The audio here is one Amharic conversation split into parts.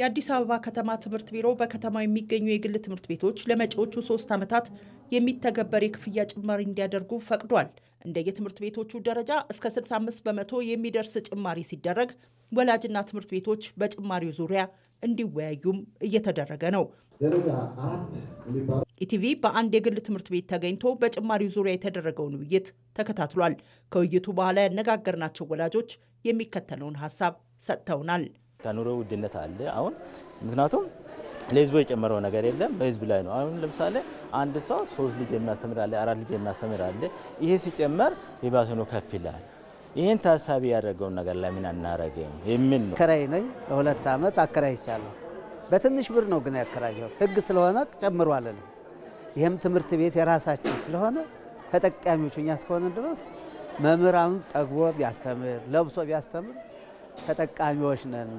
የአዲስ አበባ ከተማ ትምህርት ቢሮ በከተማው የሚገኙ የግል ትምህርት ቤቶች ለመጪዎቹ ሶስት ዓመታት የሚተገበር የክፍያ ጭማሪ እንዲያደርጉ ፈቅዷል። እንደየትምህርት ቤቶቹ ደረጃ እስከ 65 በመቶ የሚደርስ ጭማሪ ሲደረግ ወላጅና ትምህርት ቤቶች በጭማሪው ዙሪያ እንዲወያዩም እየተደረገ ነው። ኢቲቪ በአንድ የግል ትምህርት ቤት ተገኝቶ በጭማሪው ዙሪያ የተደረገውን ውይይት ተከታትሏል። ከውይይቱ በኋላ ያነጋገርናቸው ወላጆች የሚከተለውን ሀሳብ ሰጥተውናል። ከኑሮ ውድነት አለ አሁን ምክንያቱም ለህዝቡ የጨመረው ነገር የለም፣ በህዝብ ላይ ነው። አሁን ለምሳሌ አንድ ሰው ሶስት ልጅ የሚያስተምር አለ፣ አራት ልጅ የሚያስተምር አለ። ይሄ ሲጨመር የባሰ ነው ከፍ ይላል። ይህን ታሳቢ ያደረገውን ነገር ለምን አናረገም የሚል ነው። ከራይ ነኝ፣ ለሁለት ዓመት አከራይቻለሁ። በትንሽ ብር ነው ግን ያከራየሁት፣ ህግ ስለሆነ ጨምሯል። ይህም ትምህርት ቤት የራሳችን ስለሆነ ተጠቃሚዎቹ እኛ እስከሆነ ድረስ መምህራኑ ጠግቦ ቢያስተምር ለብሶ ቢያስተምር ተጠቃሚዎች ነን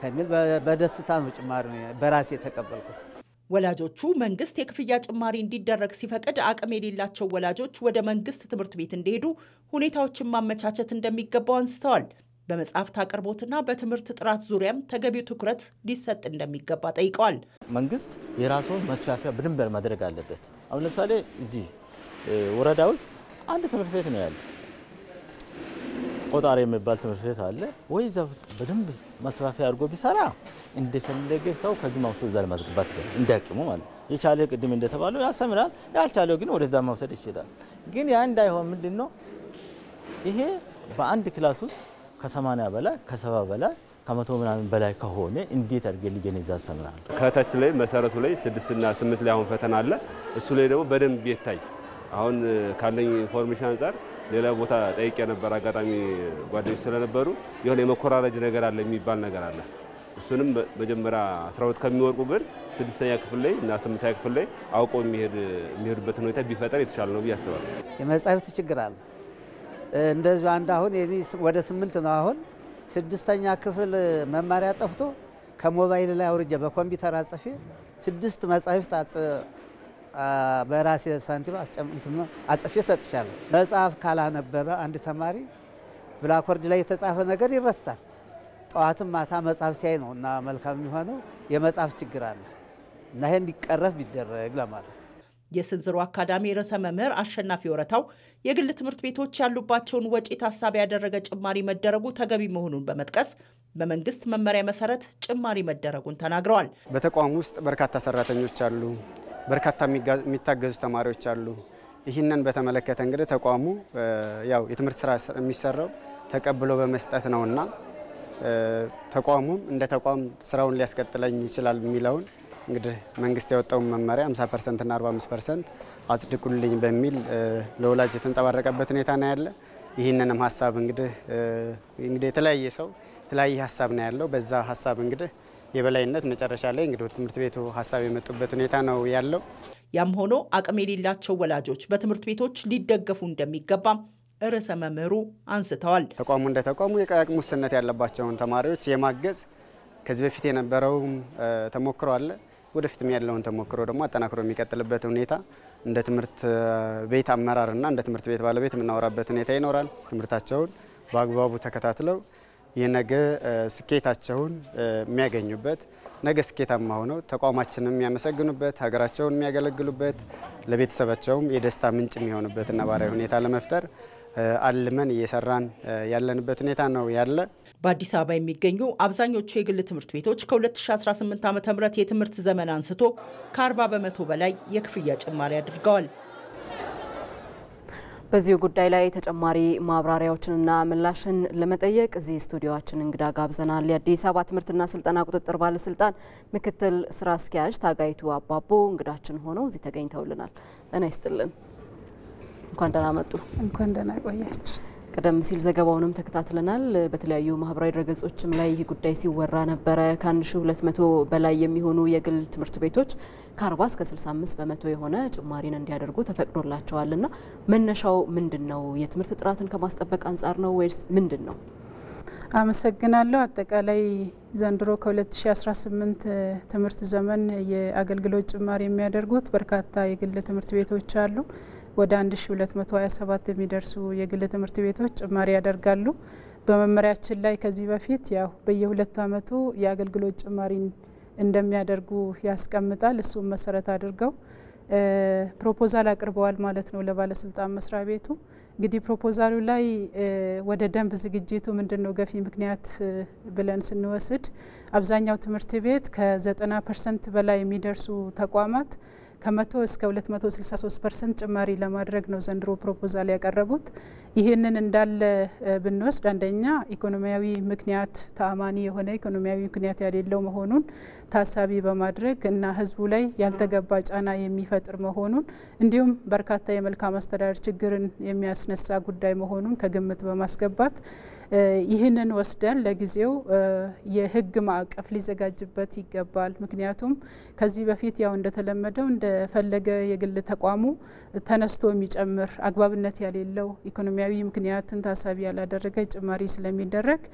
ከሚል በደስታ ነው ጭማሪ በራሴ የተቀበልኩት። ወላጆቹ መንግስት የክፍያ ጭማሪ እንዲደረግ ሲፈቅድ አቅም የሌላቸው ወላጆች ወደ መንግስት ትምህርት ቤት እንዲሄዱ ሁኔታዎችን ማመቻቸት እንደሚገባው አንስተዋል። በመጽሐፍት አቅርቦትና በትምህርት ጥራት ዙሪያም ተገቢው ትኩረት ሊሰጥ እንደሚገባ ጠይቀዋል። መንግስት የራሱን መስፋፊያ ብድንበር ማድረግ አለበት። አሁን ለምሳሌ እዚህ ወረዳ ውስጥ አንድ ትምህርት ቤት ነው ያለ ቆጣሪ የሚባል ትምህርት ቤት አለ ወይ እዛ በደንብ ማስፋፊያ አድርጎ ቢሰራ እንደፈለገ ሰው ከዚህ ማውቶ እዛ ለማስገባት ይችላል፣ እንዳቅሙ ማለት የቻለ ቅድም እንደተባለው ያሰምራል፣ ያልቻለው ግን ወደዛ መውሰድ ይችላል። ግን ያ እንዳይሆን ምንድን ነው ይሄ በአንድ ክላስ ውስጥ ከሰማንያ በላይ ከሰባ በላይ ከመቶ ምናምን በላይ ከሆነ እንዴት አድርጌ ልጄን ይዛ አሰምራለሁ? ከታች ላይ መሰረቱ ላይ ስድስትና ስምንት ላይ አሁን ፈተና አለ። እሱ ላይ ደግሞ በደንብ የታይ አሁን ካለኝ ኢንፎርሜሽን አንጻር ሌላ ቦታ ጠይቄ ነበር። አጋጣሚ ጓደኞች ስለነበሩ የሆነ የመኮራረጅ ነገር አለ የሚባል ነገር አለ። እሱንም መጀመሪያ 12 ከሚወርቁ ግን ስድስተኛ ክፍል ላይ እና ስምንተኛ ክፍል ላይ አውቆ የሚሄዱበትን ሁኔታ ቢፈጠር የተሻለ ነው ብዬ አስባለሁ። የመጻሕፍት ችግር አለ። እንደዚሁ አንድ አሁን ወደ ስምንት ነው። አሁን ስድስተኛ ክፍል መማሪያ ጠፍቶ ከሞባይል ላይ አውርጄ በኮምፒውተር አጽፌ ስድስት መጻሕፍት በራሴ ሳንቲም አጽፌ ሰጥቻለሁ። መጽሐፍ ካላነበበ አንድ ተማሪ ብላክቦርድ ላይ የተጻፈ ነገር ይረሳል። ጠዋትም ማታ መጽሐፍ ሲያይ ነው እና መልካም የሚሆነው የመጽሐፍ ችግር አለ እና ይሄ እንዲቀረፍ ቢደረግ ለማለት የስንዝሮ አካዳሚ ርዕሰ መምህር አሸናፊ ወረታው የግል ትምህርት ቤቶች ያሉባቸውን ወጪ ታሳቢ ያደረገ ጭማሪ መደረጉ ተገቢ መሆኑን በመጥቀስ በመንግስት መመሪያ መሰረት ጭማሪ መደረጉን ተናግረዋል። በተቋም ውስጥ በርካታ ሰራተኞች አሉ። በርካታ የሚታገዙ ተማሪዎች አሉ። ይህንን በተመለከተ እንግዲህ ተቋሙ ያው የትምህርት ስራ የሚሰራው ተቀብሎ በመስጠት ነውና ተቋሙም እንደ ተቋም ስራውን ሊያስቀጥለኝ ይችላል የሚለውን እንግዲህ መንግስት ያወጣውን መመሪያ 50 ፐርሰንት እና 45 ፐርሰንት አጽድቁልኝ በሚል ለወላጅ የተንጸባረቀበት ሁኔታ ነው ያለ። ይህንንም ሀሳብ እንግዲህ እንግዲህ የተለያየ ሰው የተለያየ ሀሳብ ነው ያለው። በዛ ሀሳብ እንግዲህ የበላይነት መጨረሻ ላይ እንግዲህ ትምህርት ቤቱ ሀሳብ የመጡበት ሁኔታ ነው ያለው። ያም ሆኖ አቅም የሌላቸው ወላጆች በትምህርት ቤቶች ሊደገፉ እንደሚገባም ርዕሰ መምህሩ አንስተዋል። ተቋሙ እንደ ተቋሙ የአቅም ውስንነት ያለባቸውን ተማሪዎች የማገዝ ከዚህ በፊት የነበረውም ተሞክሮ አለ። ወደፊትም ያለውን ተሞክሮ ደግሞ አጠናክሮ የሚቀጥልበት ሁኔታ እንደ ትምህርት ቤት አመራርና እንደ ትምህርት ቤት ባለቤት የምናወራበት ሁኔታ ይኖራል። ትምህርታቸውን በአግባቡ ተከታትለው የነገ ስኬታቸውን የሚያገኙበት ነገ ስኬታማ ሆነው ተቋማችንም የሚያመሰግኑበት ሀገራቸውን የሚያገለግሉበት ለቤተሰባቸውም የደስታ ምንጭ የሚሆኑበት ነባራዊ ሁኔታ ለመፍጠር አልመን እየሰራን ያለንበት ሁኔታ ነው ያለ። በአዲስ አበባ የሚገኙ አብዛኞቹ የግል ትምህርት ቤቶች ከ2018 ዓ ም የትምህርት ዘመን አንስቶ ከ40 በመቶ በላይ የክፍያ ጭማሪ አድርገዋል። በዚሁ ጉዳይ ላይ ተጨማሪ ማብራሪያዎችንና ምላሽን ለመጠየቅ እዚህ ስቱዲዮችን እንግዳ ጋብዘናል። የአዲስ አበባ ትምህርትና ስልጠና ቁጥጥር ባለስልጣን ምክትል ስራ አስኪያጅ ታጋይቱ አባቦ እንግዳችን ሆነው እዚህ ተገኝተውልናል። ጤና ይስጥልን። እንኳን ደህና መጡ። እንኳን ደህና ቆያችሁ። ቀደም ሲል ዘገባውንም ተከታትለናል። በተለያዩ ማህበራዊ ድረገጾችም ላይ ይህ ጉዳይ ሲወራ ነበረ። ከ1200 በላይ የሚሆኑ የግል ትምህርት ቤቶች ከ40 እስከ 65 በመቶ የሆነ ጭማሪን እንዲያደርጉ ተፈቅዶላቸዋል እና መነሻው ምንድን ነው? የትምህርት ጥራትን ከማስጠበቅ አንጻር ነው ወይስ ምንድን ነው? አመሰግናለሁ። አጠቃላይ ዘንድሮ ከ2018 ትምህርት ዘመን የአገልግሎት ጭማሪ የሚያደርጉት በርካታ የግል ትምህርት ቤቶች አሉ። ወደ 1227 የሚደርሱ የግል ትምህርት ቤቶች ጭማሪ ያደርጋሉ። በመመሪያችን ላይ ከዚህ በፊት ያው በየሁለት ዓመቱ የአገልግሎት ጭማሪን እንደሚያደርጉ ያስቀምጣል። እሱም መሰረት አድርገው ፕሮፖዛል አቅርበዋል ማለት ነው ለባለስልጣን መስሪያ ቤቱ። እንግዲህ ፕሮፖዛሉ ላይ ወደ ደንብ ዝግጅቱ ምንድን ነው ገፊ ምክንያት ብለን ስንወስድ አብዛኛው ትምህርት ቤት ከ90 ፐርሰንት በላይ የሚደርሱ ተቋማት ከመቶ እስከ 263 ፐርሰንት ጭማሪ ለማድረግ ነው ዘንድሮ ፕሮፖዛል ያቀረቡት። ይህንን እንዳለ ብንወስድ አንደኛ ኢኮኖሚያዊ ምክንያት ተአማኒ የሆነ ኢኮኖሚያዊ ምክንያት ያሌለው መሆኑን ታሳቢ በማድረግ እና ህዝቡ ላይ ያልተገባ ጫና የሚፈጥር መሆኑን እንዲሁም በርካታ የመልካም አስተዳደር ችግርን የሚያስነሳ ጉዳይ መሆኑን ከግምት በማስገባት ይህንን ወስደን ለጊዜው የህግ ማዕቀፍ ሊዘጋጅበት ይገባል። ምክንያቱም ከዚህ በፊት ያው እንደተለመደው እንደፈለገ የግል ተቋሙ ተነስቶ የሚጨምር አግባብነት ያሌለው ኢኮኖሚያዊ ምክንያትን ታሳቢ ያላደረገ ጭማሪ ስለሚደረግ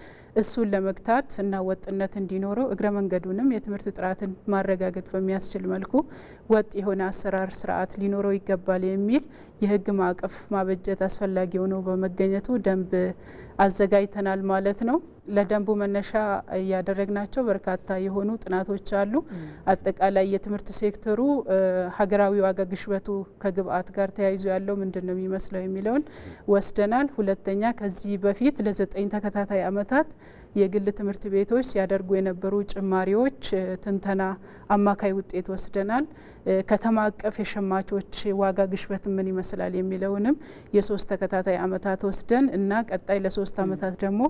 እሱን ለመግታት እና ወጥነት እንዲኖረው እግረ መንገዱንም የትምህርት የትምህርት ጥራትን ማረጋገጥ በሚያስችል መልኩ ወጥ የሆነ አሰራር ስርዓት ሊኖረው ይገባል የሚል የህግ ማዕቀፍ ማበጀት አስፈላጊ ሆኖ በመገኘቱ ደንብ አዘጋጅተናል ማለት ነው። ለደንቡ መነሻ እያደረግናቸው በርካታ የሆኑ ጥናቶች አሉ። አጠቃላይ የትምህርት ሴክተሩ ሀገራዊ ዋጋ ግሽበቱ ከግብአት ጋር ተያይዞ ያለው ምንድን ነው የሚመስለው የሚለውን ወስደናል። ሁለተኛ ከዚህ በፊት ለዘጠኝ ተከታታይ አመታት የግል ትምህርት ቤቶች ሲያደርጉ የነበሩ ጭማሪዎች ትንተና አማካይ ውጤት ወስደናል። ከተማ አቀፍ የሸማቾች ዋጋ ግሽበት ምን ይመስላል የሚለውንም የሶስት ተከታታይ አመታት ወስደን እና ቀጣይ ለሶስት አመታት ደግሞ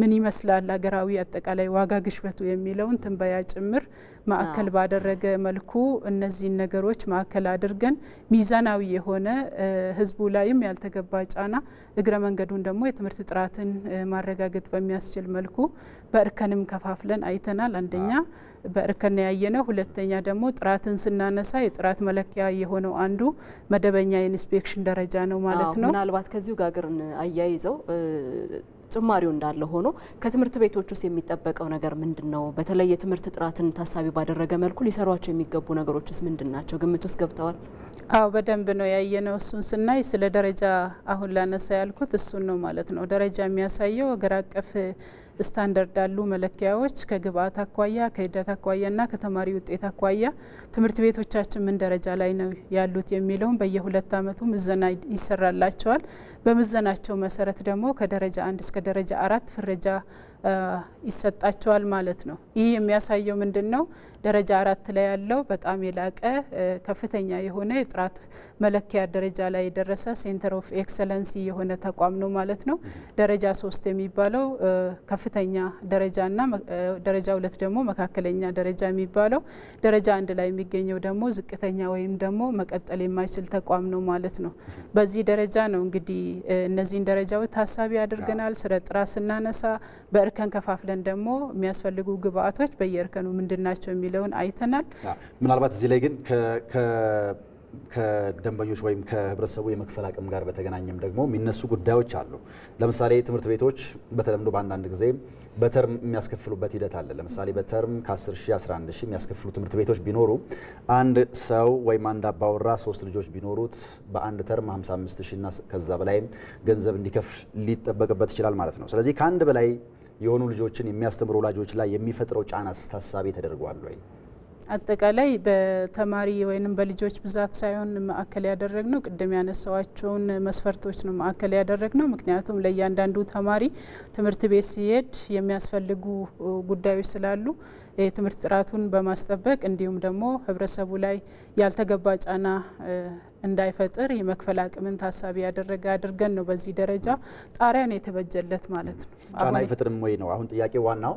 ምን ይመስላል ሀገራዊ አጠቃላይ ዋጋ ግሽበቱ የሚለውን ትንበያ ጭምር ማዕከል ባደረገ መልኩ እነዚህን ነገሮች ማዕከል አድርገን ሚዛናዊ የሆነ ህዝቡ ላይም ያልተገባ ጫና እግረ መንገዱን ደግሞ የትምህርት ጥራትን ማረጋገጥ በሚያስችል መልኩ በእርከንም ከፋፍለን አይተናል። አንደኛ በእርከን ያየ ነው። ሁለተኛ ደግሞ ጥራትን ስናነሳ የጥራት መለኪያ የሆነው አንዱ መደበኛ የኢንስፔክሽን ደረጃ ነው ማለት ነው። ምናልባት ከዚሁ ጋር ግን አያይዘው ጭማሪው እንዳለ ሆኖ ከትምህርት ቤቶች ውስጥ የሚጠበቀው ነገር ምንድን ነው? በተለይ የትምህርት ጥራትን ታሳቢ ባደረገ መልኩ ሊሰሯቸው የሚገቡ ነገሮችስ ምንድን ናቸው? ግምት ውስጥ ገብተዋል? አዎ በደንብ ነው ያየነው። እሱን ስናይ ስለ ደረጃ አሁን ላነሳ ያልኩት እሱን ነው ማለት ነው። ደረጃ የሚያሳየው ሀገር አቀፍ ስታንዳርድ ያሉ መለኪያዎች ከግብአት አኳያ ከሂደት እና ከተማሪ ውጤት አኳያ ትምህርት ቤቶቻችን ምን ደረጃ ላይ ነው ያሉት የሚለውን በየሁለት አመቱ ምዘና ይሰራላቸዋል። በምዘናቸው መሰረት ደግሞ ከደረጃ አንድ እስከ ደረጃ አራት ፍረጃ ይሰጣቸዋል ማለት ነው። ይህ የሚያሳየው ምንድን ነው? ደረጃ አራት ላይ ያለው በጣም የላቀ ከፍተኛ የሆነ የጥራት መለኪያ ደረጃ ላይ የደረሰ ሴንተር ኦፍ ኤክሰለንሲ የሆነ ተቋም ነው ማለት ነው። ደረጃ ሶስት የሚባለው ከፍተኛ ደረጃና ደረጃ ሁለት ደግሞ መካከለኛ ደረጃ የሚባለው ደረጃ አንድ ላይ የሚገኘው ደግሞ ዝቅተኛ ወይም ደግሞ መቀጠል የማይችል ተቋም ነው ማለት ነው። በዚህ ደረጃ ነው እንግዲህ እነዚህን ደረጃዎች ታሳቢ አድርገናል። ስለ ጥራት ስናነሳ በእርከን ከፋፍለን ደግሞ የሚያስፈልጉ ግብአቶች በየእርከኑ ምንድን ናቸው የሚል የሚለውን አይተናል። ምናልባት እዚህ ላይ ግን ከደንበኞች ወይም ከህብረተሰቡ የመክፈል አቅም ጋር በተገናኘም ደግሞ የሚነሱ ጉዳዮች አሉ። ለምሳሌ ትምህርት ቤቶች በተለምዶ በአንዳንድ ጊዜ በተርም የሚያስከፍሉበት ሂደት አለ። ለምሳሌ በተርም ከ10 ሺህ 11 ሺ የሚያስከፍሉ ትምህርት ቤቶች ቢኖሩ አንድ ሰው ወይም አንድ አባወራ ሶስት ልጆች ቢኖሩት በአንድ ተርም 55 ሺህ እና ከዛ በላይ ገንዘብ እንዲከፍል ሊጠበቅበት ይችላል ማለት ነው። ስለዚህ ከአንድ በላይ የሆኑ ልጆችን የሚያስተምሩ ወላጆች ላይ የሚፈጥረው ጫና ታሳቢ ተደርጓል ወይ? አጠቃላይ በተማሪ ወይም በልጆች ብዛት ሳይሆን ማዕከል ያደረግ ነው። ቅድም ያነሳዋቸውን መስፈርቶች ነው ማዕከል ያደረግ ነው። ምክንያቱም ለእያንዳንዱ ተማሪ ትምህርት ቤት ሲሄድ የሚያስፈልጉ ጉዳዮች ስላሉ የትምህርት ጥራቱን በማስጠበቅ እንዲሁም ደግሞ ህብረተሰቡ ላይ ያልተገባ ጫና እንዳይፈጥር የመክፈል አቅምን ታሳቢ ያደረገ አድርገን ነው በዚህ ደረጃ ጣሪያን የተበጀለት ማለት ነው። ጫና አይፈጥርም ወይ ነው አሁን ጥያቄ ዋናው።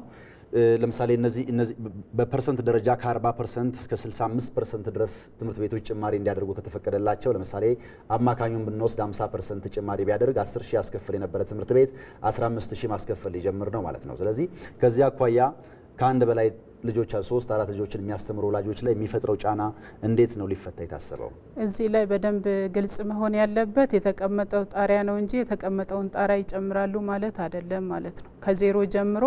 ለምሳሌ እነዚህ እነዚህ በፐርሰንት ደረጃ ከ40 ፐርሰንት እስከ 65 ፐርሰንት ድረስ ትምህርት ቤቶች ጭማሪ እንዲያደርጉ ከተፈቀደላቸው ለምሳሌ አማካኙን ብንወስድ 50 ፐርሰንት ጭማሪ ቢያደርግ 10 ሺህ ያስከፍል የነበረ ትምህርት ቤት 15 ሺህ ማስከፈል ሊጀምር ነው ማለት ነው። ስለዚህ ከዚህ አኳያ ከአንድ በላይ ልጆች ሶስት አራት ልጆችን የሚያስተምሩ ወላጆች ላይ የሚፈጥረው ጫና እንዴት ነው ሊፈታ የታሰበው? እዚህ ላይ በደንብ ግልጽ መሆን ያለበት የተቀመጠው ጣሪያ ነው እንጂ የተቀመጠውን ጣሪያ ይጨምራሉ ማለት አይደለም ማለት ነው። ከዜሮ ጀምሮ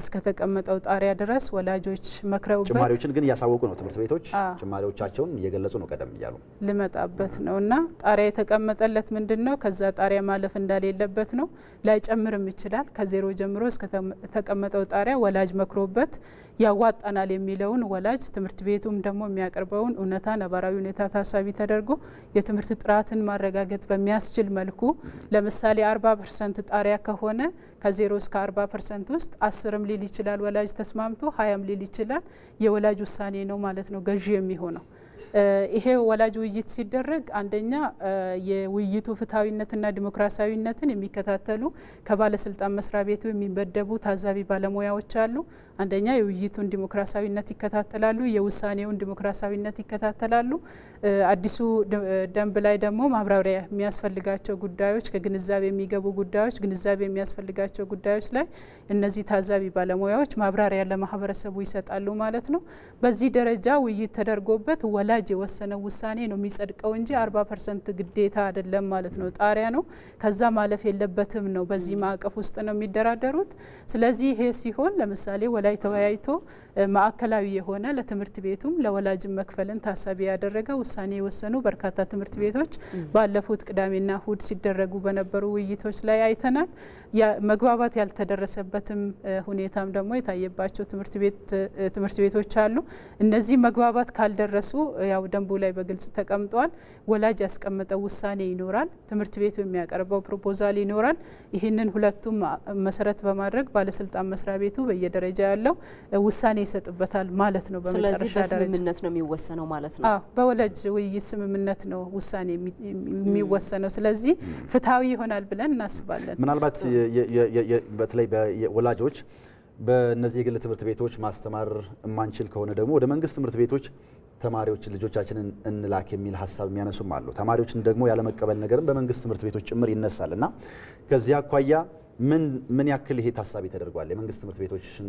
እስከ ተቀመጠው ጣሪያ ድረስ ወላጆች መክረውበት ጭማሪዎችን ግን እያሳወቁ ነው። ትምህርት ቤቶች ጭማሪዎቻቸውን እየገለጹ ነው። ቀደም እያሉ ልመጣበት ነው እና ጣሪያ የተቀመጠለት ምንድን ነው? ከዛ ጣሪያ ማለፍ እንዳሌለበት ነው። ላይጨምርም ይችላል። ከዜሮ ጀምሮ እስከ ተቀመጠው ጣሪያ ወላጅ መክሮበት ያዋጣናል የሚለውን ወላጅ ትምህርት ቤቱም ደግሞ የሚያቀርበውን እውነታ ነባራዊ ሁኔታ ታሳቢ ተደርጎ የትምህርት ጥራትን ማረጋገጥ በሚያስችል መልኩ ለምሳሌ አርባ ፐርሰንት ጣሪያ ከሆነ ከዜሮ እስከ አርባ ፐርሰንት ውስጥ አስርም ሊል ይችላል ወላጅ ተስማምቶ ሀያም ሊል ይችላል። የወላጅ ውሳኔ ነው ማለት ነው ገዢ የሚሆነው። ይሄ ወላጅ ውይይት ሲደረግ አንደኛ የውይይቱ ፍትሐዊነትና ዲሞክራሲያዊነትን የሚከታተሉ ከባለስልጣን መስሪያ ቤቱ የሚመደቡ ታዛቢ ባለሙያዎች አሉ። አንደኛ የውይይቱን ዲሞክራሲያዊነት ይከታተላሉ፣ የውሳኔውን ዲሞክራሲያዊነት ይከታተላሉ። አዲሱ ደንብ ላይ ደግሞ ማብራሪያ የሚያስፈልጋቸው ጉዳዮች፣ ከግንዛቤ የሚገቡ ጉዳዮች፣ ግንዛቤ የሚያስፈልጋቸው ጉዳዮች ላይ እነዚህ ታዛቢ ባለሙያዎች ማብራሪያ ለማህበረሰቡ ይሰጣሉ ማለት ነው። በዚህ ደረጃ ውይይት ተደርጎበት ወላ ወላጅ የወሰነው ውሳኔ ነው የሚጸድቀው እንጂ አርባ ፐርሰንት ግዴታ አይደለም ማለት ነው። ጣሪያ ነው፣ ከዛ ማለፍ የለበትም ነው። በዚህ ማዕቀፍ ውስጥ ነው የሚደራደሩት። ስለዚህ ይሄ ሲሆን ለምሳሌ ወላጅ ተወያይቶ ማዕከላዊ የሆነ ለትምህርት ቤቱም ለወላጅም መክፈልን ታሳቢ ያደረገ ውሳኔ የወሰኑ በርካታ ትምህርት ቤቶች ባለፉት ቅዳሜና እሁድ ሲደረጉ በነበሩ ውይይቶች ላይ አይተናል። መግባባት ያልተደረሰበትም ሁኔታም ደግሞ የታየባቸው ትምህርት ቤቶች አሉ። እነዚህ መግባባት ካልደረሱ ያው ደንቡ ላይ በግልጽ ተቀምጧል። ወላጅ ያስቀመጠው ውሳኔ ይኖራል። ትምህርት ቤቱ የሚያቀርበው ፕሮፖዛል ይኖራል። ይህንን ሁለቱም መሰረት በማድረግ ባለስልጣን መስሪያ ቤቱ በየደረጃ ያለው ውሳኔ ይሰጥበታል ማለት ነው። በመጨረሻ ስምምነት ነው የሚወሰነው ማለት ነው። በወላጅ ውይይት ስምምነት ነው ውሳኔ የሚወሰነው። ስለዚህ ፍትሐዊ ይሆናል ብለን እናስባለን። ምናልባት በተለይ ወላጆች በእነዚህ የግል ትምህርት ቤቶች ማስተማር የማንችል ከሆነ ደግሞ ወደ መንግስት ትምህርት ቤቶች ተማሪዎች ልጆቻችንን እንላክ የሚል ሀሳብ የሚያነሱም አሉ። ተማሪዎችን ደግሞ ያለመቀበል ነገርም በመንግስት ትምህርት ቤቶች ጭምር ይነሳል እና ከዚህ አኳያ ምን ምን ያክል ይሄ ታሳቢ ተደርጓል? የመንግስት ትምህርት ቤቶችን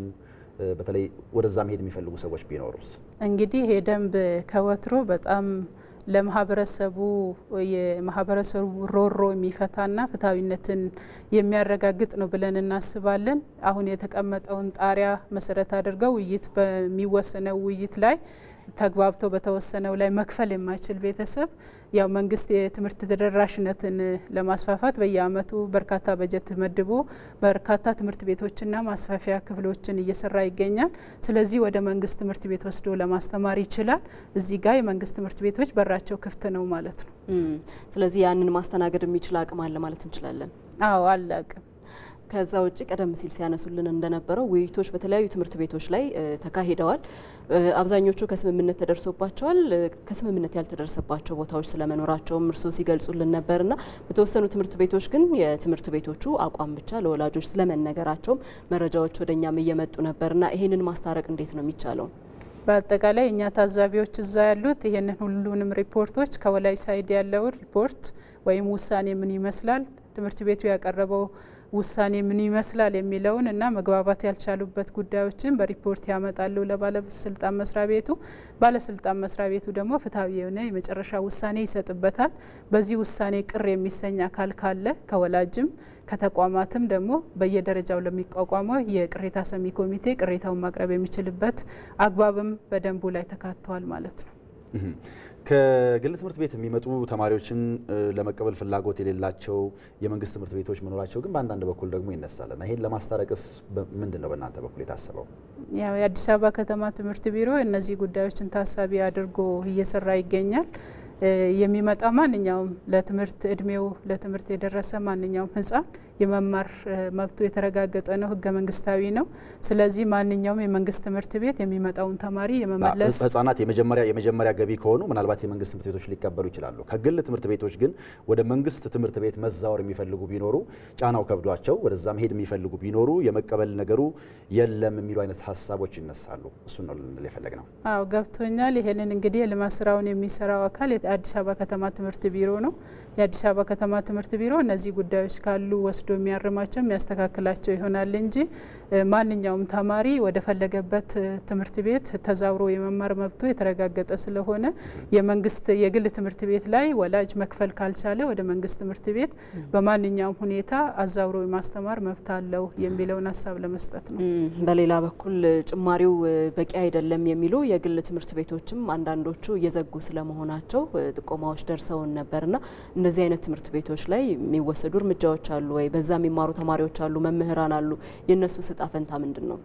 በተለይ ወደዛ መሄድ የሚፈልጉ ሰዎች ቢኖሩስ? እንግዲህ ይሄ ደንብ ከወትሮ በጣም ለማህበረሰቡ የማህበረሰቡ ሮሮ የሚፈታና ፍትሐዊነትን የሚያረጋግጥ ነው ብለን እናስባለን። አሁን የተቀመጠውን ጣሪያ መሰረት አድርገው ውይይት በሚወሰነው ውይይት ላይ ተግባብቶ በተወሰነው ላይ መክፈል የማይችል ቤተሰብ ያው መንግስት የትምህርት ተደራሽነትን ለማስፋፋት በየአመቱ በርካታ በጀት መድቦ በርካታ ትምህርት ቤቶችና ማስፋፊያ ክፍሎችን እየሰራ ይገኛል። ስለዚህ ወደ መንግስት ትምህርት ቤት ወስዶ ለማስተማር ይችላል። እዚህ ጋር የመንግስት ትምህርት ቤቶች በራቸው ክፍት ነው ማለት ነው። ስለዚህ ያንን ማስተናገድ የሚችል አቅም አለ ማለት እንችላለን። አዎ አለ አቅም ከዛ ውጭ ቀደም ሲል ሲያነሱልን እንደነበረው ውይይቶች በተለያዩ ትምህርት ቤቶች ላይ ተካሂደዋል። አብዛኞቹ ከስምምነት ተደርሶባቸዋል። ከስምምነት ያልተደረሰባቸው ቦታዎች ስለመኖራቸውም እርስዎ ሲገልጹልን ነበርና በተወሰኑ ትምህርት ቤቶች ግን የትምህርት ቤቶቹ አቋም ብቻ ለወላጆች ስለመነገራቸውም መረጃዎች ወደ እኛም እየመጡ እና ይህንን ማስታረቅ እንዴት ነው የሚቻለው? በአጠቃላይ እኛ ታዛቢዎች እዛ ያሉት ይህንን ሁሉንም ሪፖርቶች ከወላጅ ሳይድ ያለውን ሪፖርት ወይም ውሳኔ ምን ይመስላል ትምህርት ቤቱ ያቀረበው ውሳኔ ምን ይመስላል የሚለውን እና መግባባት ያልቻሉበት ጉዳዮችን በሪፖርት ያመጣሉ ለባለስልጣን መስሪያ ቤቱ። ባለስልጣን መስሪያ ቤቱ ደግሞ ፍትሐዊ የሆነ የመጨረሻ ውሳኔ ይሰጥበታል። በዚህ ውሳኔ ቅር የሚሰኝ አካል ካለ ከወላጅም ከተቋማትም ደግሞ በየደረጃው ለሚቋቋመው የቅሬታ ሰሚ ኮሚቴ ቅሬታውን ማቅረብ የሚችልበት አግባብም በደንቡ ላይ ተካተዋል ማለት ነው። ከግል ትምህርት ቤት የሚመጡ ተማሪዎችን ለመቀበል ፍላጎት የሌላቸው የመንግስት ትምህርት ቤቶች መኖራቸው ግን በአንዳንድ በኩል ደግሞ ይነሳል እና ይሄን ለማስታረቅስ ምንድን ነው በእናንተ በኩል የታሰበው? ያው የአዲስ አበባ ከተማ ትምህርት ቢሮ እነዚህ ጉዳዮችን ታሳቢ አድርጎ እየሰራ ይገኛል። የሚመጣ ማንኛውም ለትምህርት እድሜው ለትምህርት የደረሰ ማንኛውም ሕፃን የመማር መብቱ የተረጋገጠ ነው፣ ህገ መንግስታዊ ነው። ስለዚህ ማንኛውም የመንግስት ትምህርት ቤት የሚመጣውን ተማሪ የመመለስ ህጻናት የመጀመሪያ የመጀመሪያ ገቢ ከሆኑ ምናልባት የመንግስት ትምህርት ቤቶች ሊቀበሉ ይችላሉ። ከግል ትምህርት ቤቶች ግን ወደ መንግስት ትምህርት ቤት መዛወር የሚፈልጉ ቢኖሩ ጫናው ከብዷቸው ወደዛ መሄድ የሚፈልጉ ቢኖሩ የመቀበል ነገሩ የለም የሚሉ አይነት ሀሳቦች ይነሳሉ። እሱ ነው ልንል የፈለግ ነው። አዎ ገብቶኛል። ይሄንን እንግዲህ የልማት ስራውን የሚሰራው አካል የአዲስ አበባ ከተማ ትምህርት ቢሮ ነው። የአዲስ አበባ ከተማ ትምህርት ቢሮ እነዚህ ጉዳዮች ካሉ ወስዶ የሚያርማቸው የሚያስተካክላቸው ይሆናል እንጂ ማንኛውም ተማሪ ወደ ፈለገበት ትምህርት ቤት ተዛውሮ የመማር መብቱ የተረጋገጠ ስለሆነ የመንግስት የግል ትምህርት ቤት ላይ ወላጅ መክፈል ካልቻለ ወደ መንግስት ትምህርት ቤት በማንኛውም ሁኔታ አዛውሮ የማስተማር መብት አለው የሚለውን ሀሳብ ለመስጠት ነው። በሌላ በኩል ጭማሪው በቂ አይደለም የሚሉ የግል ትምህርት ቤቶችም አንዳንዶቹ እየዘጉ ስለመሆናቸው ጥቆማዎች ደርሰውን ነበርና እነዚህ አይነት ትምህርት ቤቶች ላይ የሚወሰዱ እርምጃዎች አሉ ወይ? በዛ የሚማሩ ተማሪዎች አሉ፣ መምህራን አሉ። የእነሱ እጣ ፈንታ ምንድን ነው?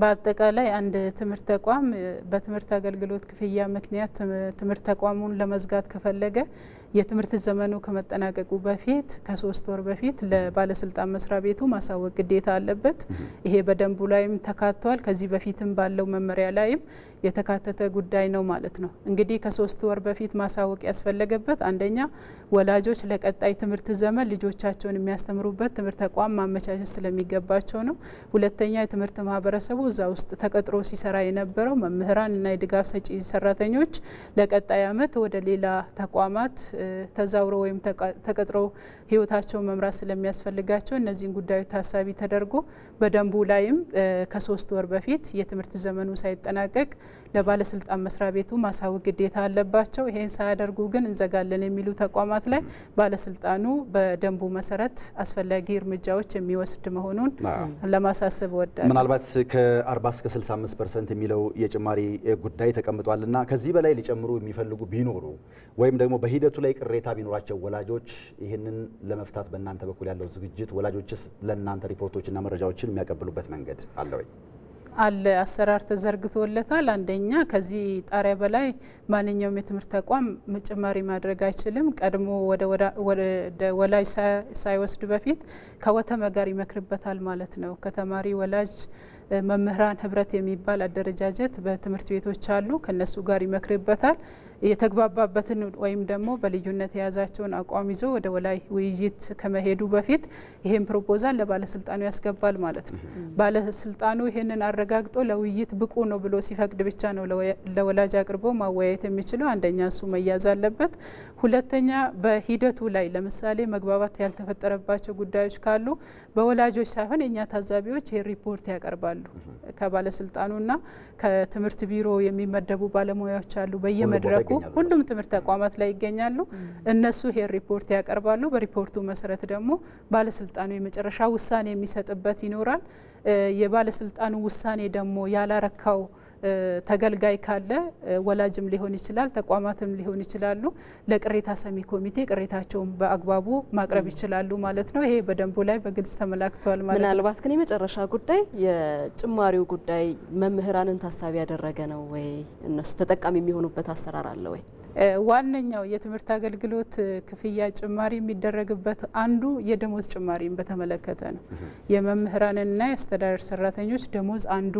በአጠቃላይ አንድ ትምህርት ተቋም በትምህርት አገልግሎት ክፍያ ምክንያት ትምህርት ተቋሙን ለመዝጋት ከፈለገ የትምህርት ዘመኑ ከመጠናቀቁ በፊት ከሶስት ወር በፊት ለባለስልጣን መስሪያ ቤቱ ማሳወቅ ግዴታ አለበት። ይሄ በደንቡ ላይም ተካቷል። ከዚህ በፊትም ባለው መመሪያ ላይም የተካተተ ጉዳይ ነው ማለት ነው። እንግዲህ ከሶስት ወር በፊት ማሳወቅ ያስፈለገበት አንደኛ ወላጆች ለቀጣይ ትምህርት ዘመን ልጆቻቸውን የሚያስተምሩበት ትምህርት ተቋም ማመቻቸት ስለሚገባቸው ነው። ሁለተኛ የትምህርት ማህበረሰቡ እዛ ውስጥ ተቀጥሮ ሲሰራ የነበረው መምህራን እና የድጋፍ ሰጪ ሰራተኞች ለቀጣይ ዓመት ወደ ሌላ ተቋማት ተዛውሮ ወይም ተቀጥሮ ህይወታቸውን መምራት ስለሚያስፈልጋቸው እነዚህን ጉዳዮች ታሳቢ ተደርጎ በደንቡ ላይም ከሶስት ወር በፊት የትምህርት ዘመኑ ሳይጠናቀቅ ለባለስልጣን መስሪያ ቤቱ ማሳወቅ ግዴታ አለባቸው። ይሄን ሳያደርጉ ግን እንዘጋለን የሚሉ ተቋማት ላይ ባለስልጣኑ በደንቡ መሰረት አስፈላጊ እርምጃዎች የሚወስድ መሆኑን ለማሳሰብ ወዳል። ምናልባት ከ40 እስከ 65 ፐርሰንት የሚለው የጭማሪ ጉዳይ ተቀምጧል እና ከዚህ በላይ ሊጨምሩ የሚፈልጉ ቢኖሩ ወይም ደግሞ በሂደቱ ላይ ቅሬታ ቢኖራቸው ወላጆች ይህንን ለመፍታት በእናንተ በኩል ያለው ዝግጅት ወላጆችስ ለእናንተ ሪፖርቶችና መረጃዎችን የሚያቀብሉበት መንገድ አለ ወይ? አለ አሰራር ተዘርግቶለታል። አንደኛ ከዚህ ጣሪያ በላይ ማንኛውም የትምህርት ተቋም ጭማሪ ማድረግ አይችልም። ቀድሞ ወደ ወላጅ ሳይወስድ በፊት ከወተመ ጋር ይመክርበታል ማለት ነው ከተማሪ ወላጅ መምህራን ህብረት የሚባል አደረጃጀት በትምህርት ቤቶች አሉ። ከነሱ ጋር ይመክርበታል። የተግባባበትን ወይም ደግሞ በልዩነት የያዛቸውን አቋም ይዞ ወደ ወላይ ውይይት ከመሄዱ በፊት ይህን ፕሮፖዛል ለባለስልጣኑ ያስገባል ማለት ነው። ባለስልጣኑ ይህንን አረጋግጦ ለውይይት ብቁ ነው ብሎ ሲፈቅድ ብቻ ነው ለወላጅ አቅርቦ ማወያየት የሚችለው። አንደኛ እሱ መያዝ አለበት። ሁለተኛ በሂደቱ ላይ ለምሳሌ መግባባት ያልተፈጠረባቸው ጉዳዮች ካሉ በወላጆች ሳይሆን የእኛ ታዛቢዎች ይህ ሪፖርት ያቀርባሉ። ከባለስልጣኑና ከትምህርት ቢሮ የሚመደቡ ባለሙያዎች አሉ። በየመድረኩ ሁሉም ትምህርት ተቋማት ላይ ይገኛሉ። እነሱ ይሄ ሪፖርት ያቀርባሉ። በሪፖርቱ መሰረት ደግሞ ባለስልጣኑ የመጨረሻ ውሳኔ የሚሰጥበት ይኖራል። የባለስልጣኑ ውሳኔ ደግሞ ያላረካው ተገልጋይ ካለ ወላጅም ሊሆን ይችላል፣ ተቋማትም ሊሆን ይችላሉ። ለቅሬታ ሰሚ ኮሚቴ ቅሬታቸውን በአግባቡ ማቅረብ ይችላሉ ማለት ነው። ይሄ በደንቡ ላይ በግልጽ ተመላክቷል ማለት ነው። ምናልባት ግን የመጨረሻ ጉዳይ የጭማሪው ጉዳይ መምህራንን ታሳቢ ያደረገ ነው ወይ? እነሱ ተጠቃሚ የሚሆኑበት አሰራር አለ ወይ? ዋነኛው የትምህርት አገልግሎት ክፍያ ጭማሪ የሚደረግበት አንዱ የደሞዝ ጭማሪን በተመለከተ ነው። የመምህራንና የአስተዳደር ሰራተኞች ደሞዝ አንዱ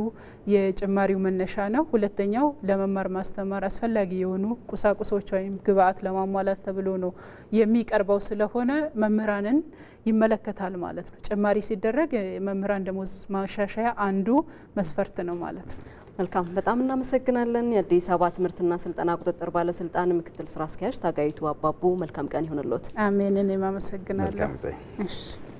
የጭማሪው መነሻ መነሻ ነው። ሁለተኛው ለመማር ማስተማር አስፈላጊ የሆኑ ቁሳቁሶች ወይም ግብአት ለማሟላት ተብሎ ነው የሚቀርበው ስለሆነ መምህራንን ይመለከታል ማለት ነው። ጭማሪ ሲደረግ መምህራን ደሞዝ ማሻሻያ አንዱ መስፈርት ነው ማለት ነው። መልካም፣ በጣም እናመሰግናለን። የአዲስ አበባ ትምህርትና ስልጠና ቁጥጥር ባለስልጣን ምክትል ስራ አስኪያጅ ታጋይቱ አባቡ መልካም ቀን ይሆንልዎት። አሜንን የማመሰግናለሁ።